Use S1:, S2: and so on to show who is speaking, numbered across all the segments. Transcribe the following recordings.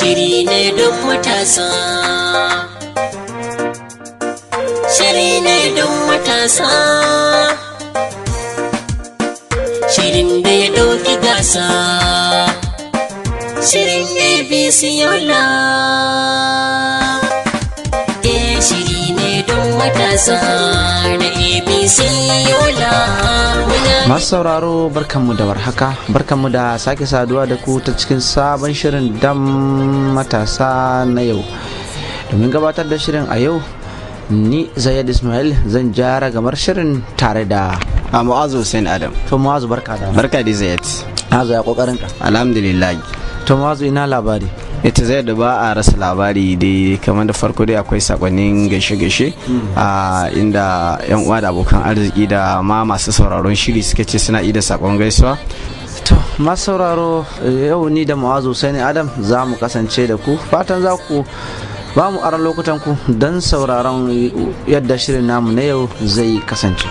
S1: shiri ne don matasa shiri ne don matasa shirin da ya ɗauki gasa shirin ne siyo yola masu
S2: sauraro barkanmu da warhaka barkanmu da sake saduwa da ku ta cikin sabon shirin dan matasa na yau domin gabatar da shirin a yau ni zayyad ismail zan jara gamar shirin tare da
S3: a mu'azu hussein adam to mu'azu barka da barka da zayyad mu'azu ya kokarin ka alhamdulillah to mu'azu ina labari ita zai da ba a rasa labari dai kamar da farko dai akwai sakonnin gaishe-gaishe a inda yan uwa da abokan arziki da ma masu sauraron shiri suka ce suna ida sakon gaisuwa
S2: to masu sauraro yau ni da mawazu sai ne adam za mu kasance da ku fatan za ku ba mu aron lokutan ku don sauraron yadda shirin namu na yau zai kasance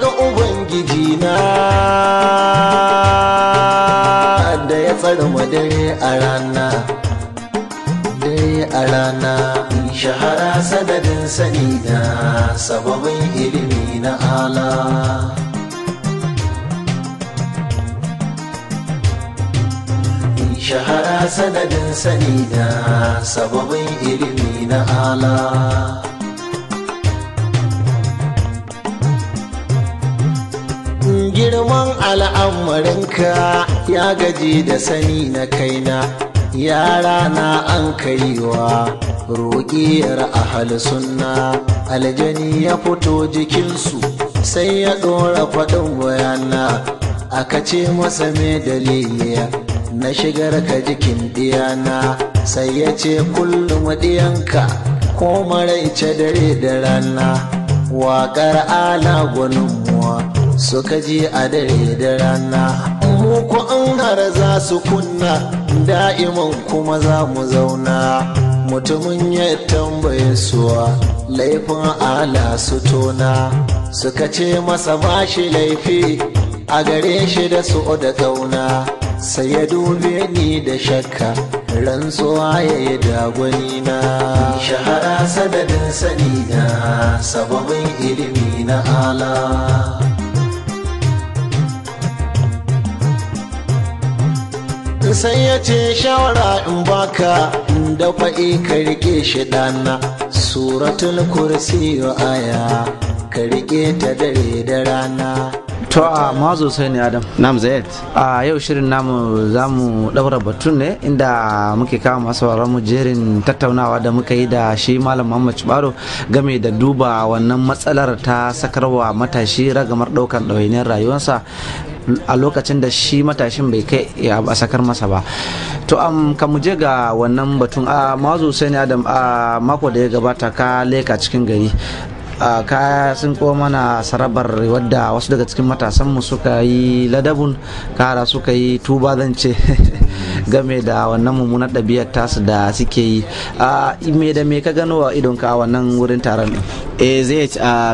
S1: ga ubangiji na da ya tsara dare a rana dare a rana shahara sanadin sani na sababin ilimi na ala shahara sadadin sani na sababin ilimi na ala girman al'amarinka ya gaji da sani na kaina yara na an kaiwa roƙiyar ahal sunna aljani ya fito jikinsu sai ya ɗora faɗin bayana aka ce masa me dalili na shigar ka jikin diyana sai ya ce kullum diyanka ko maraice dare da rana waƙar ala gwanin suka ji a dare da rana mu an har za su kunna da'iman kuma za mu zauna mutumin ya tambaye suwa laifin ala su tona suka ce masa ba shi laifi a gare shi da su da kauna sai ya dube ni da shakka rantsuwa ya yi dagwani na shahara sadadin sani na sababin ilimi na ala sai ya ce shawara in baka da fa'i ka rike shi dana suratul kursi aya ka rike ta dare da rana
S2: to a mazo sai ne adam nam zayed a yau shirin namu za mu daura batun ne inda muke kawo masu mu jerin tattaunawa da muka yi da shi malam muhammad baro game da duba wannan matsalar ta sakarwa matashi ragamar daukan ɗawainiyar rayuwarsa a lokacin da shi matashin bai kai a sakar masa ba to am ka mu ga wannan batun a mazu sai adam a mako da ya gabata ka leka cikin gari ka sun koma mana sarabar wadda wasu daga cikin matasanmu suka yi ladabun kara suka yi tuba zance game da wannan mummunar ɗabi'ar tasu da suke yi me da me ka gano wa idon ka
S3: wannan wurin taron eh zai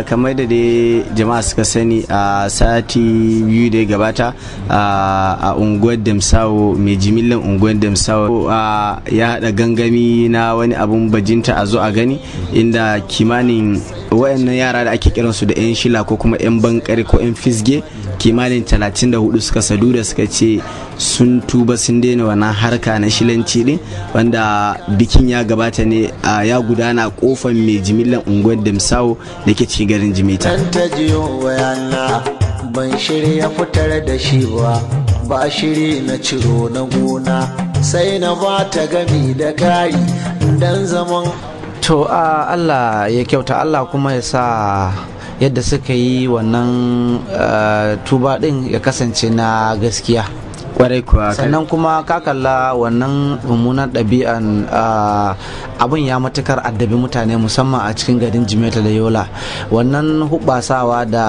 S3: kamar da dai jama'a suka sani a sati biyu da ya gabata a unguwar damsawo mai jimillan unguwar damsawo ya haɗa gangami na wani abun bajinta a zo a gani inda kimanin wayannan yara da ake kiransu da 'yan shila ko kuma 'yan bankare ko 'yan fisge kimanin 34 suka sadu da suka ce sun tuba sun daina wannan harka na shilanci din wanda bikin ya gabata ne a ya gudana kofar mai jimillan unguwar damsawo da ke cikin garin jimeta
S1: ban shirya fitar da shi ba ba shiri na ciro na gona sai na ba ta gami da kari dan zaman to Allah
S2: ya kyauta Allah kuma ya sa yadda suka yi wannan eh, tuba din ya kasance na gaskiya kwarai kuwa sannan kuma ka kalla wannan mummunan ɗabi'an abin ya matukar addabi mutane musamman a cikin garin jimeta da yola wannan hubasawa da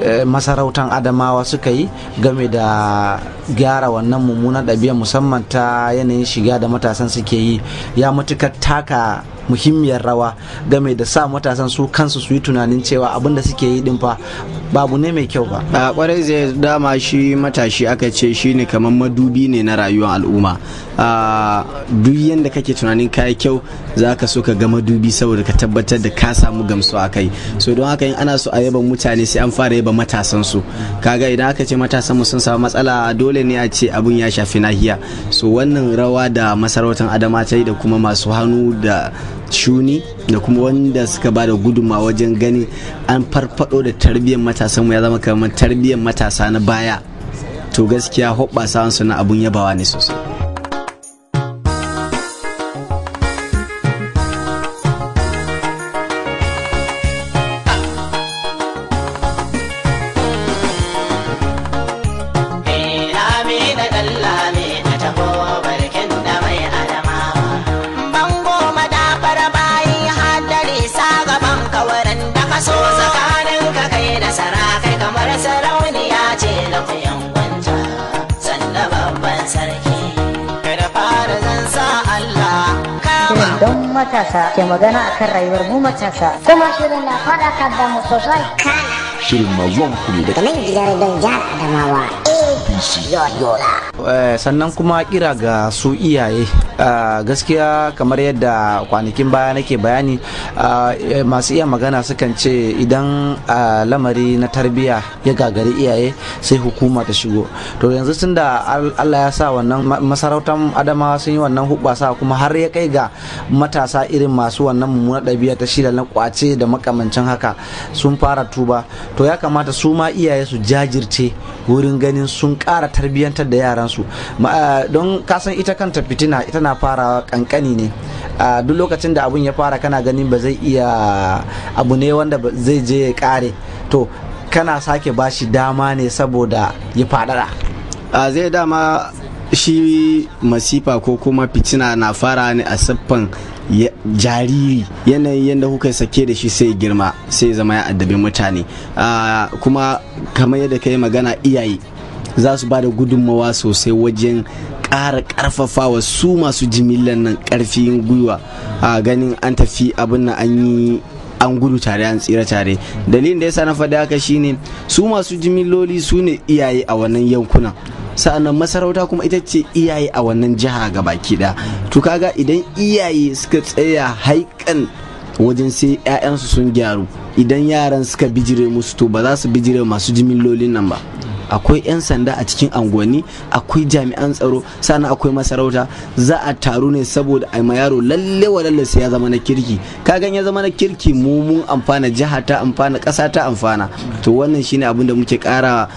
S2: e, masarautan adamawa suka yi game da gyara wannan mummunan ɗabi'a musamman ta yanayin shiga da matasan suke yi ya matukar taka muhimmiyar rawa game da sa matasan su kansu su yi tunanin cewa abin da suke yi dinfa babu ne mai kyau ba
S3: a kwarai zai dama shi matashi aka ce ne kamar madubi ne na rayuwar al'umma duk yadda kake tunanin kayi kyau za ka so ka ga madubi saboda ka tabbatar da ka samu gamsu a kai so don haka in ana so a yaba mutane sai an fara yaba matasan su kaga idan aka ce matasan mu sun samu matsala dole ne a ce abun ya shafi nahiya so wannan rawa da masarautar adama ta yi da kuma masu hannu da shuni da kuma wanda suka ba da gudunma wajen gani an farfado da tarbiyyar matasanmu ya zama kamar tarbiyyar matasa na baya to gaskiya hoɓɓasa na abun yabawa ne sosai
S1: matasa ke magana akan rayuwar mu matasa kuma shirin na faɗakar da mu sosai kana
S4: shirin na zuwan ku
S2: ne daga nan gidan don jihar adamawa
S1: abc e la.
S2: Eh, sannan kuma kira ga su iyaye ah, gaskiya kamar yadda kwanakin baya nake bayani ah, eh, masu iya magana sukan ce idan ah, lamari na tarbiyya ya gagari iyaye sai hukuma ta shigo to yanzu tun da allah ya sa wannan masarautar adama sun yi wannan hubasa kuma har ya kai ga matasa irin masu wannan mummuna ɗabi'a ta shida na kwace da makamancin haka sun fara tuba to ya kamata su ma iyaye su jajirce wurin ganin sun ƙara tarbiyyantar da yaran su eh, don kasan ita kanta fitina ita na fara kankani ne duk lokacin da abun ya fara kana ganin ba zai iya abu ne wanda zai je ya kare to kana sake bashi dama ne saboda ya fadada
S3: zai dama shi masifa ko kuma fitina na fara ne a siffan jariri yanayin yadda kuka sake da shi sai girma sai zama ya addabi mutane kuma kamar yadda ka yi magana iyaye za su ba da gudunmawa sosai wajen ƙara ƙarfafawa su masu jimillan nan ƙarfin gwiwa a ganin an tafi abin na an yi an gudu tare an tsira tare dalilin da sa na faɗi haka shine su masu jimilloli su ne iyaye a wannan yankunan sa'annan masarauta kuma ita ce iyaye a wannan jiha ga baki da. to kaga idan iyaye suka tsaya haikan wajen sai 'ya'yansu sun gyaru idan yaran suka bijire musu to ba za su bijire masu jimillolin nan ba akwai 'yan sanda a cikin unguwanni akwai jami'an tsaro sannan akwai masarauta za a taru ne saboda a ma yaro lalle wa lalle sai ya zama na kirki kagan ya zama na kirki mu mun amfana jiha ta amfana ƙasa ta amfana to wannan shine abin da muke ƙara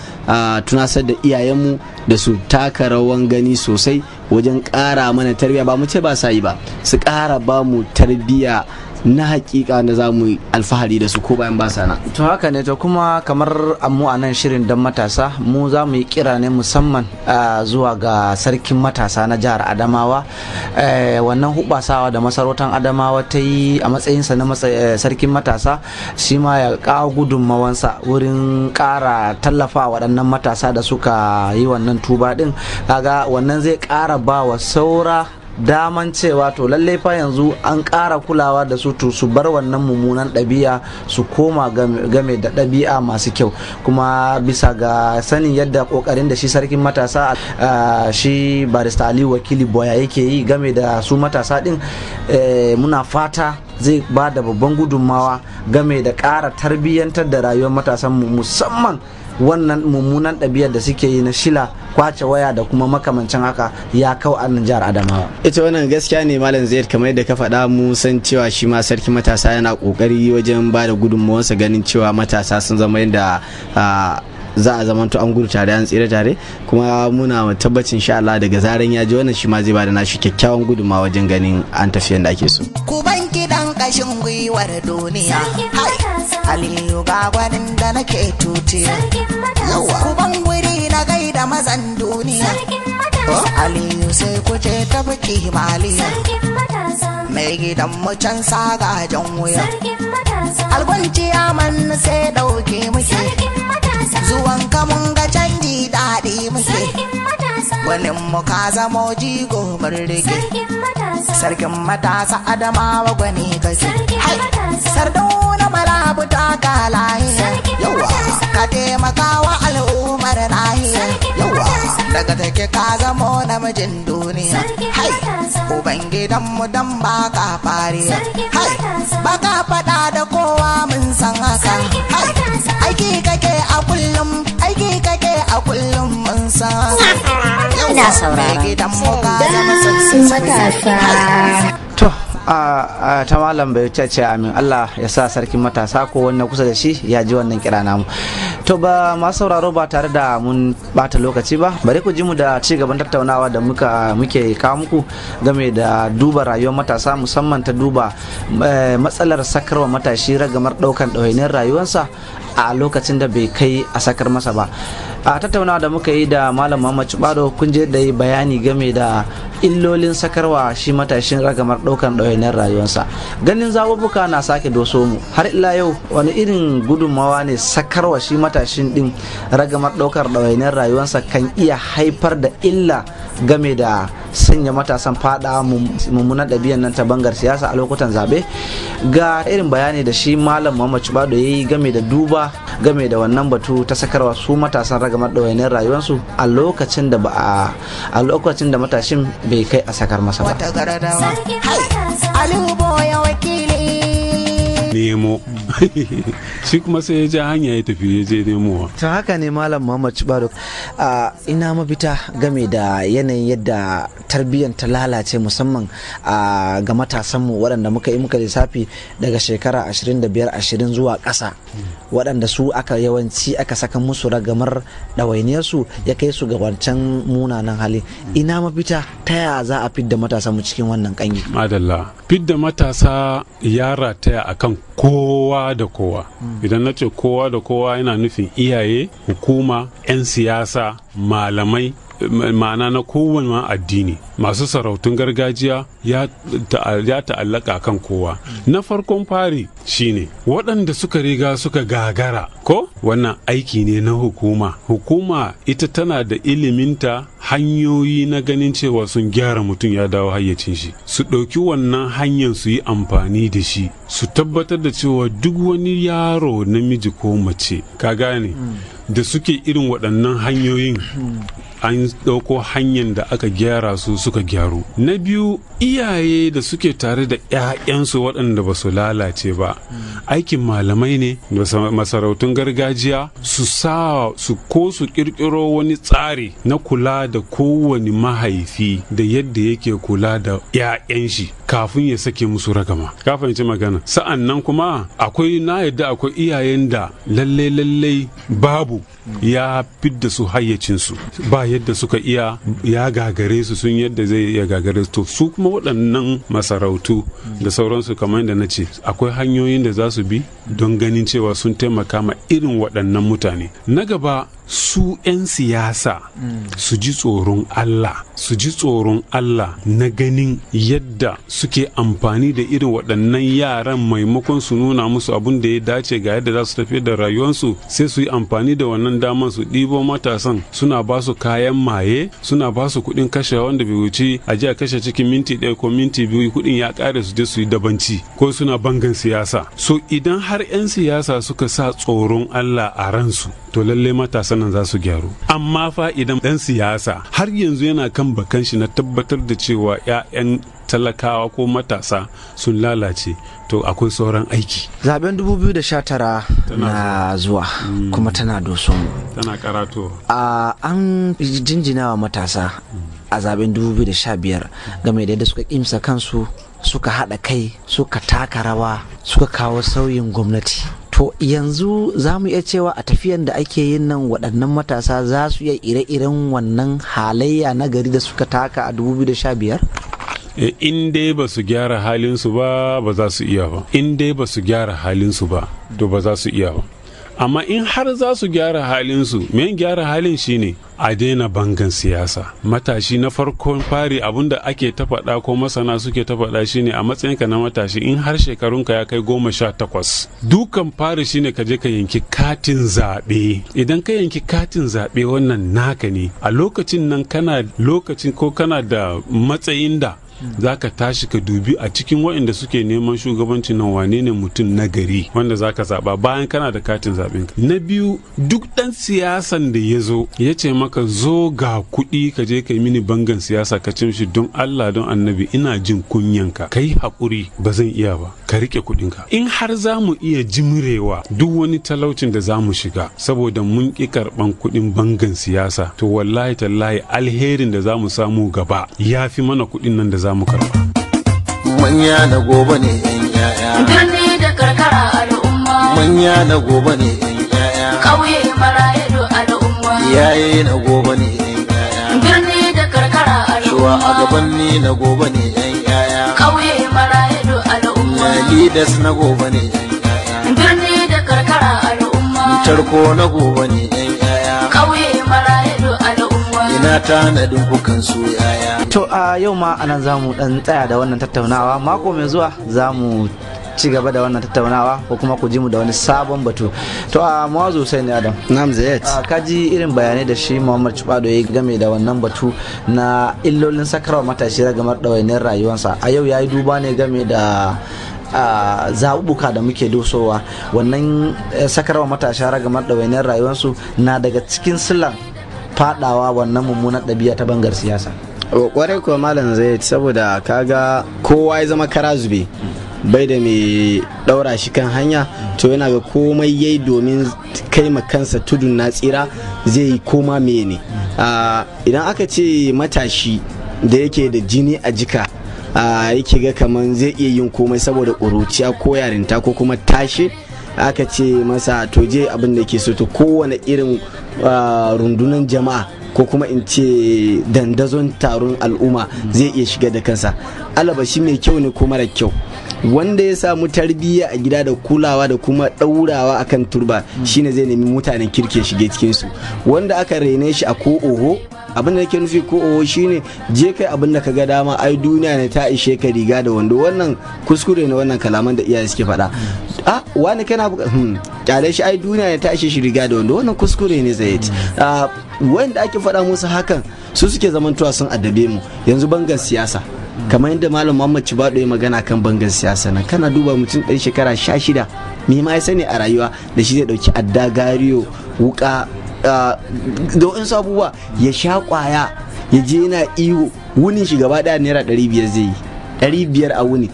S3: tunasar da iyayen mu da su taka rawan gani sosai wajen ƙara mana tarbiyya ba mu ce ba sa yi ba su ƙara ba mu tarbiyya na hakika na za mu alfahari da su ko bayan ba sana
S2: to haka ne to kuma kamar mu a nan shirin don matasa mu za mu yi kira ne musamman zuwa ga sarkin matasa na jihar adamawa wannan hubasawa da masarautar adamawa ta yi a matsayinsa na eh, sarkin matasa shi ma ya kawo gudunmawansa wurin kara tallafa waɗannan matasa da suka yi wannan tuba ɗin kaga wannan zai kara ba wa saura daman cewa to lalle fa yanzu an kara kulawa da su to su bar wannan mummunan ɗabi'a su koma game da ɗabi'a masu kyau kuma bisa ga sanin yadda ƙoƙarin da shi sarkin matasa shi barista ali wakili boya yake yi game da su matasa ɗin e, muna fata zai ba da babban gudunmawa game da ƙara tarbiyyantar da rayuwar matasanmu musamman wannan mummunan ɗabi'ar da suke yi na shila kwace waya da kuma makamancin haka ya kau a jihar adamawa
S3: ita wannan gaskiya ne malam zaid kamar yadda ka faɗa mu san cewa shi ma sarki matasa yana ƙoƙari wajen ba da gudunmawarsa ganin cewa matasa sun zama yadda za a zamanto an gudu tare an tsira tare kuma muna tabbacin sha daga zaran ya ji wannan shi ma zai ba da nashi kyakkyawan gudunmawa wajen ganin an tafiyan da ake so. kashin gwiwar duniya aliyu ga gwanin da nake tuti yawa kuban guri na gaida mazan duniya oh, aliyu sai kuce ta biki maliya mai gidan mucan jan
S1: wuya algunci man sai dauke muke zuwan kamun ga canji daɗi muke wani mu ka zamo
S3: jigo birrike sarkin matasa adamawa gwani kake sardauna marabuta ta kalahiya yawa ka taimakawa al'ummar nahiya yawa daga take ka zamo namijin duniya hai ubangidanmu dan ba ka fariya hai ba ka fada da kowa mun san haka hai aiki kake a kullum
S1: aiki kake a kullum mun san ina saurara
S2: a ta malam bai ce amin Allah ya sa sarkin matasa ko wanda kusa da shi ya ji wannan kira namu to ba ma sauraro ba tare da mun bata lokaci ba bari ku ji mu da ci gaban tattaunawa da muka muke kawo muku game da duba rayuwar matasa musamman ta duba eh, matsalar sakarwa matashi ragamar daukan ɗawainiyar rayuwarsa a lokacin da bai kai a sakar masa ba a tattauna da muka yi da malam muhammad cibado kun je da yi bayani game da illolin sakarwa shi matashin ragamar ɗaukar ɗawainiyar rayuwarsa ganin zabubuka na sake doso mu har ila yau wani irin gudunmawa ne sakarwa shi matashin ɗin ragamar ɗaukar ɗawainiyar rayuwarsa kan iya haifar da illa game da sanya matasan fada mummunan ɗabi'an nan ta bangar siyasa a lokutan zabe ga irin bayani da shi malam muhammad cibado ya yi game da duba game da wannan batu ta sakarwa su matasan ragamar ɗawainiyar rayuwarsu a lokacin da ba a lokacin da matashin
S4: bai kai a sakar masa ba. nemo shi kuma sai ya ja hanya ya tafi ya je to
S2: haka ne malam Muhammad Baruk a ina mafita game da yanayin yadda tarbiyyar ta lalace musamman a ga matasanmu waɗanda muka yi muka lissafi daga shekara 25 20 zuwa ƙasa waɗanda su aka yawanci aka saka musu ragamar su ya kai su ga wancan munanan hali ina mafita ta ya za a fidda matasa mu cikin wannan kangi
S4: madalla fidda matasa ya akan kowa da kowa hmm. idan na ce kowa da kowa yana nufin iyaye hukuma 'yan siyasa malamai ma'ana na kowane addini masu sarautun gargajiya ya ta'allaka kan kowa na farkon fari shine waɗanda suka riga suka gagara ko wannan aiki ne na hukuma hukuma ita tana da iliminta hanyoyi na ganin cewa sun gyara mutum ya dawo hayyacin shi su ɗauki wannan hanyar su yi amfani da shi su tabbatar da cewa duk wani yaro namiji ko mace ka gane mm. da suke irin waɗannan hanyoyin mm. an ɗauko hanyar da aka gyara su suka gyaru na biyu iyaye da suke tare da 'ya'yansu waɗanda ba su lalace ba aikin malamai ne da masarautun gargajiya su sa su ko su ƙirƙiro wani tsari na kula da kowane mahaifi da yadda yake kula da 'ya'yan shi kafin ya sake musu ragama kafin ci magana sa'an nan kuma akwai na yadda akwai iyayen da lalle lalle babu ya fidda su hayyacinsu ba yadda suka iya ya gagare su sun yadda zai iya gagare su to su kuma waɗannan masarautu da sauransu kamar da na ce akwai hanyoyin da za su bi don ganin cewa sun taimaka ma irin waɗannan mutane na gaba su 'yan siyasa su ji tsoron Allah su ji tsoron Allah na ganin yadda suke amfani da irin waɗannan yaran maimakon su nuna musu abin da ya dace ga yadda za su tafi da rayuwarsu sai su yi amfani da wannan damar su ɗibo matasan suna ba su kayan maye suna ba su kuɗin kashe wanda bai wuce a jiya a kashe cikin minti ɗaya ko minti biyu kuɗin ya ƙare su je su yi dabanci ko suna bangan siyasa so idan har 'yan siyasa suka sa tsoron Allah a ransu to lallai matasan sannan za su gyaru amma fa idan dan siyasa har yanzu yana kan bakan shi na tabbatar da cewa 'ya'yan talakawa ko matasa sun lalace to akwai sauran aiki
S2: zaben 2019 na zuwa hmm. kuma tana doso
S4: tana karato
S2: an jinjina wa matasa a zaben 2015 game da yadda suka imsa kansu suka haɗa kai suka taka rawa suka kawo sauyin gwamnati to yanzu za mu iya cewa a tafiyan da ake yin nan waɗannan matasa za su iya ire-iren wannan halayya na gari da suka taka a
S4: 2015 eh, in dai ba su gyara halinsu ba ba za su iya ba in dai ba su gyara halinsu ba to ba za su iya ba amma in har za su gyara halinsu men gyara halin shi ne? a daina bangan siyasa matashi na farkon fari abinda ake ta faɗa ko masana suke ta faɗa shine a matsayinka na matashi in har shekarunka ya kai goma sha takwas dukan fari shine ka je ka yanki katin zaɓe idan ka yanki katin zaɓe wannan naka ne a lokacin nan kana lokacin ko kana da matsayin da za ka tashi ka dubi a cikin waɗanda suke neman shugabanci nan wane ne mutum na gari wanda za ka zaɓa bayan kana da katin zaɓen ka na biyu duk ɗan siyasan da ya zo ya ce maka zo ga kuɗi ka je ka yi mini bangan siyasa ka ce shi don Allah don annabi ina jin kunyanka ka yi haƙuri ba zan iya ba ka riƙe ka in har za mu iya jimrewa duk wani talaucin da za mu shiga saboda mun ƙi karɓan kuɗin bangan siyasa to wallahi tallahi alherin da za mu samu gaba ya fi mana kuɗin nan da za mu karɓa. manya na gobe ne yan yaya
S1: birni da karkara al'umma
S4: manya na gobe ne yan yaya
S1: ƙauye marayu al'umma yaye na gobe ne yan yaya birni da karkara al'umma shuwa a gabanni na gobe ne yan yaya ƙauye marayu al'umma leaders na gobe ne yan yaya birni da karkara al'umma tarko na gobe ne yan yaya ƙauye mara. na tanadin su To
S2: a yau ma anan za mu dan tsaya da wannan tattaunawa mako mai zuwa za mu ci gaba da wannan tattaunawa ko kuma ku ji mu da wani sabon batu to a mawazu sai ne adam nam zayat ka ji irin bayanai da shi muhammad cibado ya game da wannan batu na illolin sakarwa matashi ragamar ɗawainiyar rayuwansa a yau ya yi duba ne game da a zaɓuɓɓuka da muke dosowa wannan eh, sakarwa matashi ragamar ɗawainiyar rayuwarsu na daga cikin silan fadawa wannan mummunar ɗabi'a ta bangar siyasa
S3: kwarai ko malam zai saboda kaga kowa ya zama kara zube bai da mai ɗaura shi kan hanya to yana ga komai yayi domin kai kansa tudun na tsira zai yi koma ne idan aka ce matashi da yake da jini a jika yake ga kamar zai iya yin komai saboda ƙuruciya ko yarinta ko kuma tashi aka ce masa to je abin da ke so to kowane irin ah, rundunan jama'a ko kuma in ce dandazon taron al'umma zai iya shiga da kansa alaba shi mai kyau ne ko mara kyau wanda ya samu tarbiyya a gida da kulawa da kuma ɗaurawa akan turba shine zai nemi mutanen kirke shige cikinsu wanda aka rene shi a ko oho abin da nake nufi ko owo oh, shine je kai abin da ka ga dama ai duniya ne ta ishe ka riga da wando wannan kuskure ne wannan kalaman da iyaye suke faɗa a wani kana kyale hmm, shi ai duniya ne ta ishe shi riga da wando wannan kuskure ne zai wanda ake faɗa musu hakan su suke tuwa sun addabe mu yanzu bangan siyasa kamar yadda malam muhammad cibado ya magana kan bangan siyasa na. kana duba mutum ɗan shekara sha shida mai ma ya sani a rayuwa da shi zai ɗauki adda gariyo wuka da wa'insu abubuwa ya sha kwaya ya je yana iyo wunin shi gaba daya naira ɗari biyar zai yi ɗari a wuni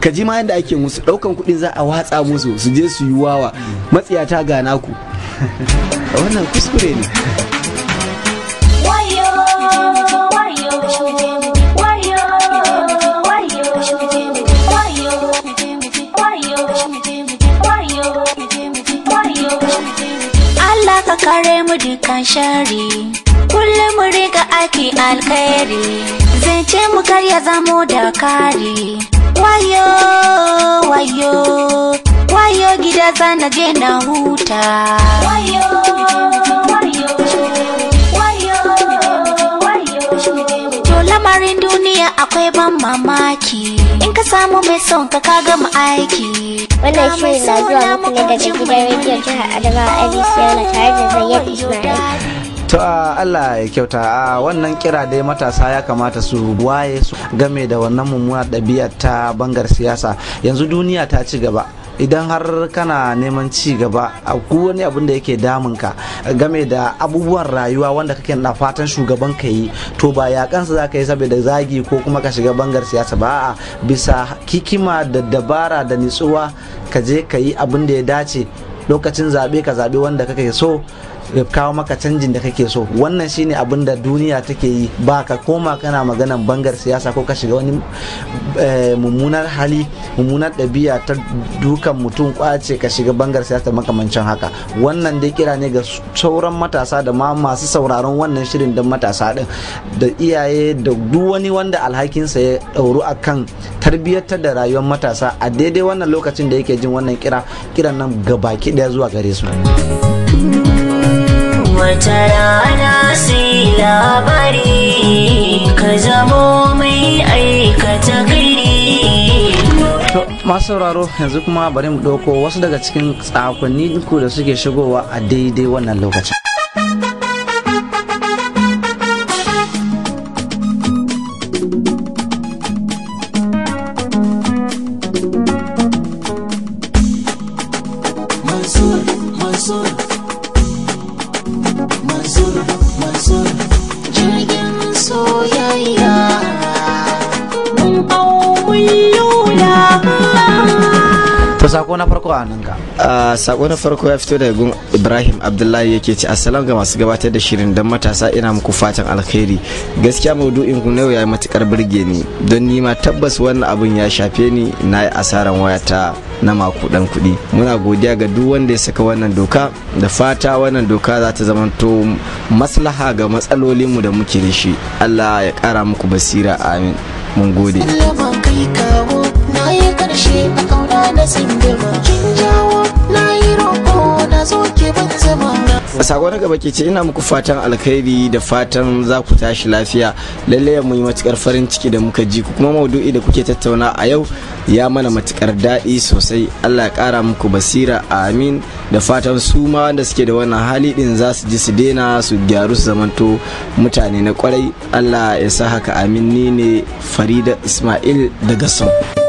S3: ka ji ma yadda ake musu ɗaukan kuɗin za a watsa musu su je su yi wawa matsiya ta gana ku wannan
S4: kuskure ne
S1: kare mu dukan shari kullum mu riga aiki alkhairi zai
S4: ce mu karya zamo da kari wayo wayo wayo gida zana je na huta wayo wayo
S1: wayo wayo to lamarin duniya akwai ban mamaki samu mai son ka ka gama aiki wannan shirin na zuwa muku ne daga gidan rediyon jihar adamawa abc yana tare da zayyar ismail
S2: to Allah ya kyauta a wannan kira dai matasa ya kamata su waye su game da wannan mummunar ɗabi'ar ta bangar siyasa yanzu duniya ta ci gaba idan har kana neman ci gaba a wani abin da yake damunka game da abubuwan rayuwa wanda kake na fatan shugaban ka yi to ba ya kansa za ka yi saboda zagi ko kuma ka shiga bangar siyasa ba a bisa hikima da dabara da nitsuwa ka je ka yi abin da ya dace lokacin zaɓe ka zaɓe wanda kake so ya kawo maka canjin da kake so wannan shine abin da duniya take yi ba ka koma kana maganan bangar siyasa ko ka shiga wani eh, mummunar hali mummunar ɗabi'a ta dukan mutum kwace ka shiga bangar siyasa makamancin haka wannan dai kira ne ga sauran matasa da ma masu sauraron wannan shirin don matasa din da iyaye da duk wani wanda alhakinsa ya a kan tarbiyyatar da rayuwar matasa a daidai wannan lokacin da yake jin wannan kira kiran nan gaba ɗaya zuwa gare su.
S1: wata rana sai labari ka zamo mai aikata gari
S2: masu sauraro yanzu kuma bari mu ɗauko wasu daga cikin tsakonni ku da suke shigowa a daidai wannan lokacin
S3: to sako na farko a nan ka sako na farko ya fito daga gun ibrahim abdullahi yake ce assalam ga masu gabatar da shirin dan matasa ina muku fatan alkhairi gaskiya maudu'in ku yau ya matukar birge ni don ni ma tabbas wannan abun ya shafe ni na yi asaran wayata na dan kuɗi muna godiya ga duk wanda ya saka wannan doka da fata wannan doka za ta zamanto maslaha ga matsalolinmu da muke da shi allah ya kara muku basira amin mun gode na na sako na gaba ke ce ina muku fatan alkhairi da fatan za ku tashi lafiya lalle ya yi matukar farin ciki da muka ji kuma maudu'i da kuke tattauna a yau ya mana matukar daɗi sosai Allah ya ƙara muku basira amin da fatan su ma wanda suke da wannan hali ɗin za su ji su dena su gyaru su zamanto mutane na kwarai Allah ya sa haka amin ni ne Farida Ismail daga Sokoto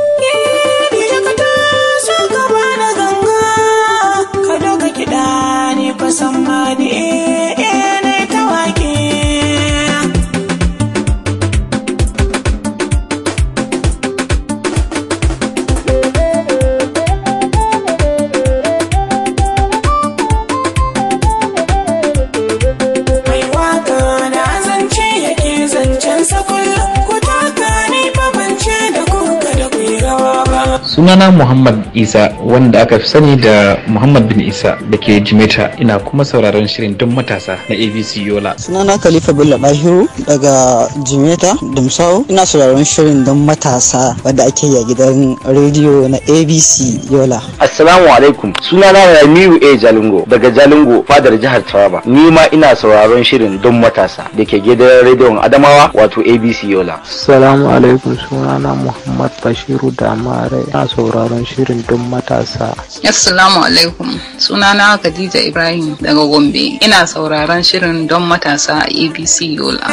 S1: sunana Muhammad Isa
S3: wanda aka fi sani da Muhammad bin Isa da ke Jimeta ina kuma sauraron shirin don matasa na ABC Yola. Sunana Khalifa Bello Bahiru daga Jimeta Dumsau ina sauraron shirin don matasa wanda ake yi gidan rediyo na ABC Yola.
S2: Assalamu alaikum sunana Ramiu A Jalingo daga Jalingo fadar jihar Taraba ni ma
S3: ina sauraron shirin don matasa da ke gidan rediyon Adamawa wato ABC Yola.
S1: Assalamu alaikum sunana Muhammad Bashiru Damare ina sauraron shirin don matasa. Assalamu alaikum. Sunana Khadija Ibrahim daga Gombe. Ina sauraron shirin don matasa a ABC Yola.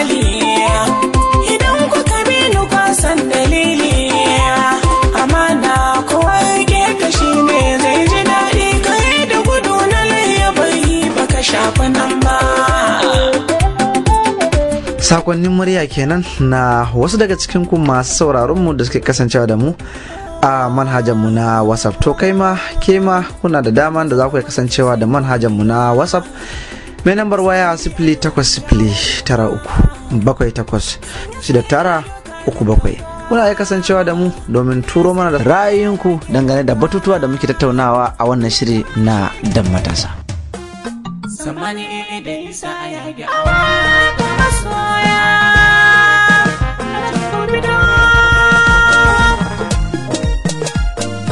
S1: kuka bi
S2: sakonnin murya kenan na wasu daga cikin ku masu sauraronmu da suke kasancewa da mu a manhajanmu na whatsapp to kai ma ke ma kuna da dama da za ku kasancewa da manhajanmu na whatsapp mai lambar waya sifili takwas sifili tara uku bakwai takwas shida tara uku bakwai kuna iya kasancewa da mu domin turo mana da ra'ayinku dangane da batutuwa da muke tattaunawa a wannan shiri na dan matasa.
S1: Samani da isa ya gyawa da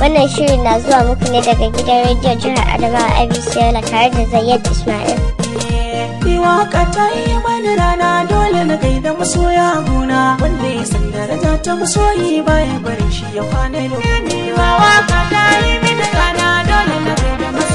S1: Wannan shirin na zuwa muku ne daga gidan rediyon jihar adama abc yana tare da Zayyad Ismail. Waka ta yi mani rana dole na kai da maso ya gona wanda ya san daraja ta maso yi bayan barin shi ya kwana da Waka ta yi mini rana dole na kai da masoya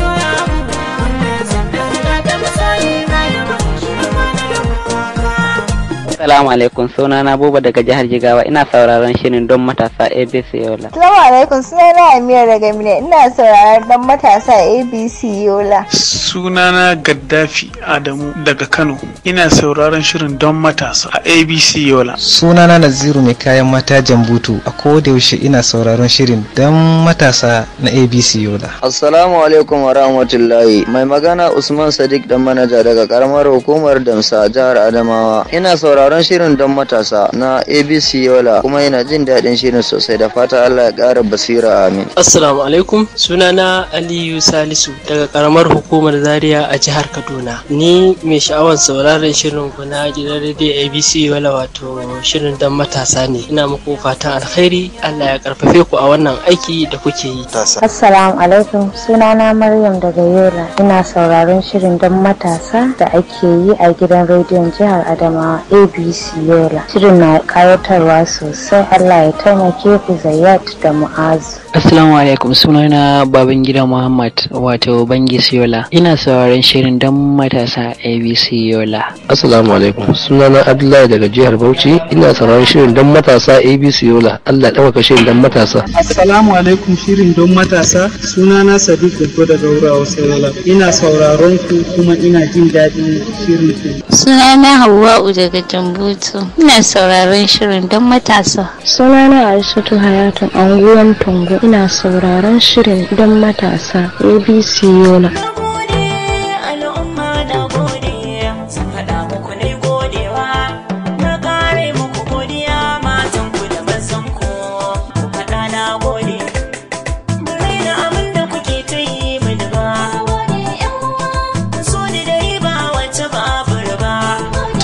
S1: Assalamu
S3: alaikum suna na Buba daga jihar Jigawa
S4: ina sauraron shirin don matasa ABC Yola.
S1: Assalamu alaikum suna na Amira daga Mine ina sauraron don matasa ABC Yola.
S4: Suna na Gaddafi Adamu daga Kano ina sauraron shirin don matasa a ABC Yola.
S1: Suna na Naziru mai kayan mata Jambutu a yaushe ina sauraron shirin don matasa na ABC Yola.
S3: Assalamu alaikum wa rahmatullahi mai magana Usman Sadiq dan manaja daga karamar hukumar Damsa jihar Adamawa ina sauraron sauran shirin don matasa na abc yola kuma yana jin daɗin shirin sosai da fata allah ya ƙara basira amin assalamu alaikum
S1: sunana aliyu salisu daga karamar hukumar zaria a jihar kaduna ni mai sha'awar sauraron shirin ku na gidan radio abc yola wato shirin don matasa ne ina muku fatan alkhairi allah ya karfafe ku a wannan aiki da kuke yi assalamu alaikum sunana maryam daga yola ina sauraron shirin don matasa da ake yi a gidan rediyon jihar adamawa ab BBC Yola. Shirin na kayatarwa sosai Allah ya taimake ku Zayyat da Mu'azu. Assalamu alaikum sunana Babangida Muhammad wato Bangi Yola. Ina sauraron shirin dan matasa ABC Yola. Assalamu alaikum sunana Abdullahi daga jihar Bauchi. Ina sauraron shirin dan matasa ABC Yola. Allah ɗaukaka shirin dan matasa.
S4: Assalamu alaikum shirin don matasa
S1: sunana Sadiq Gaggo daga Wurawa Yola. Ina sauraron ku kuma ina jin daɗin shirin ku. Sunana Hawwa'u daga Jam Ina sauraron shirin don matasa. Sunana Aishatu Hayatun Anguwan Tungo. Ina sauraron shirin don matasa ABC Yola.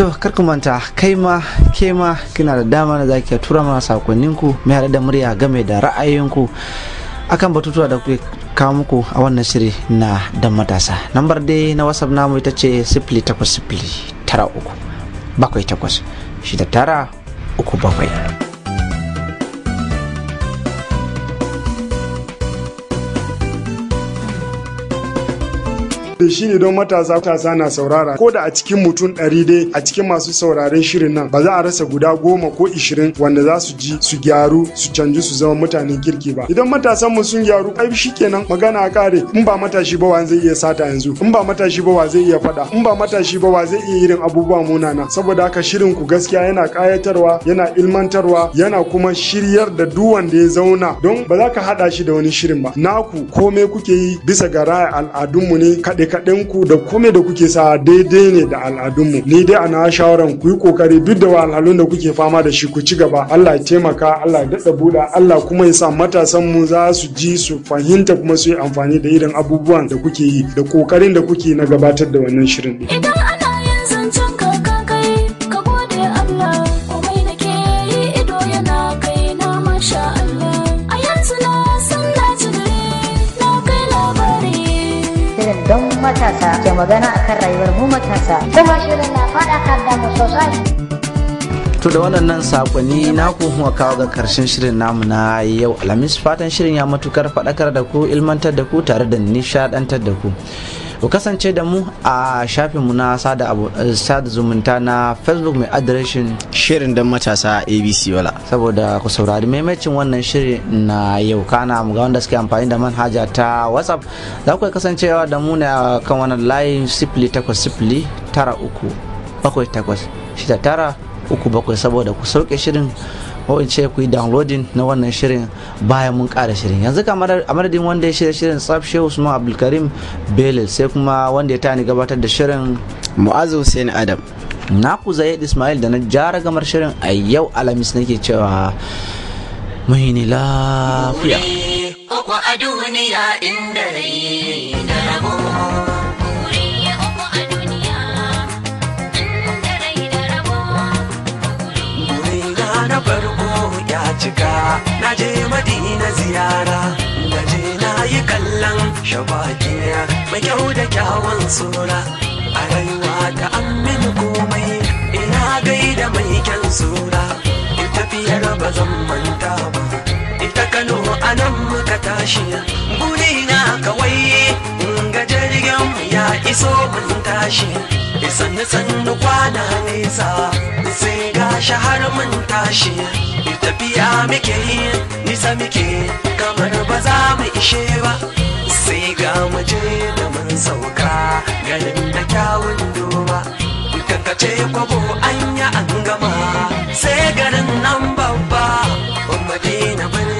S2: to karku manta kai ma ke ma kina da dama na zaki tura mana sakonninku mai hada da murya game da ra'ayoyinku akan batutuwa da kuke kawo muku a wannan shiri na dan matasa lambar dai na whatsapp namu ita ce sifili takwas sifili tara uku bakwai takwas shida tara uku bakwai
S4: Da shi ne don matasa matasa na saurara ko da a cikin mutum ɗari dai a cikin masu sauraren shirin nan ba za a rasa guda goma ko ishirin wanda za su ji su gyaru su canji su zama mutanen kirki ba idan matasan mu sun gyaru ai kenan magana kare in ba matashi ba wa zai iya sata yanzu in ba matashi ba wa zai iya fada in ba matashi ba wa zai iya irin abubuwa munana saboda haka shirin ku gaskiya yana kayatarwa yana ilmantarwa yana kuma shiryar da duk wanda ya zauna don ba za ka hada shi da wani shirin ba naku komai kuke yi bisa ga raya al'adunmu ne kaɗe Kaɗan ku da kome da kuke sa daidai ne da al'adunmu ni dai ana shawaran ku yi kokari duk da wahalhalun da kuke fama da shi ku ci gaba Allah ya taimaka Allah ya daɗa buɗa Allah kuma ya sa matasan mu za su ji su fahimta kuma su yi amfani da irin abubuwan da kuke yi da kokarin da kuke na gabatar da wannan shirin.
S1: matasa ke magana akan rayuwar mu matasa. Kuma shirin na faɗa da mu sosai.
S2: To da waɗannan sakonni na kuma kawo ga karshen shirin namu na yau Alhamis fatan shirin ya matukar faɗakar da ku ilmantar da ku tare da nishaɗantar da ku. ku kasance da mu a shafinmu na sada eh, zumunta na facebook mai adireshin shirin don matasa abc wala saboda ku saurari maimacin wannan shirin na yau kana mu ga wanda suke amfani da manhaja ta whatsapp za ku kasancewa da mu ne kan wannan layin sifili takwas sifili tara uku bakwai takwas shida tara uku bakwai saboda ku sauke shirin ko in ce ku yi downloading na wannan shirin bayan mun kara shirin yanzu ka a madadin wanda ya shirya shirin tsaf shehu usman abdulkarim belil sai kuma wanda ya tani gabatar da shirin mu'azu hussein adam na ku zaye ismail da na jara gamar shirin a yau alhamis nake cewa mai ni lafiya
S1: Naje na je madina ziyara na je na yi kallon shabakiya mai kyau da kyawun sura a rayuwa ta
S3: amin komai ina gaida mai kyan sura tafiyar ba zan manta ba ita kano a nan muka tashi na kawai ga jirgin ya iso mun tashi isan nisan kwana nesa sai ga shahar mun tashi tafiya muke yi nisa muke kamar ba za mu ishe ba sai ga muje da mun sauka garin da kyawun duba kankace kwabo anya an gama sai garin nan babba madina bin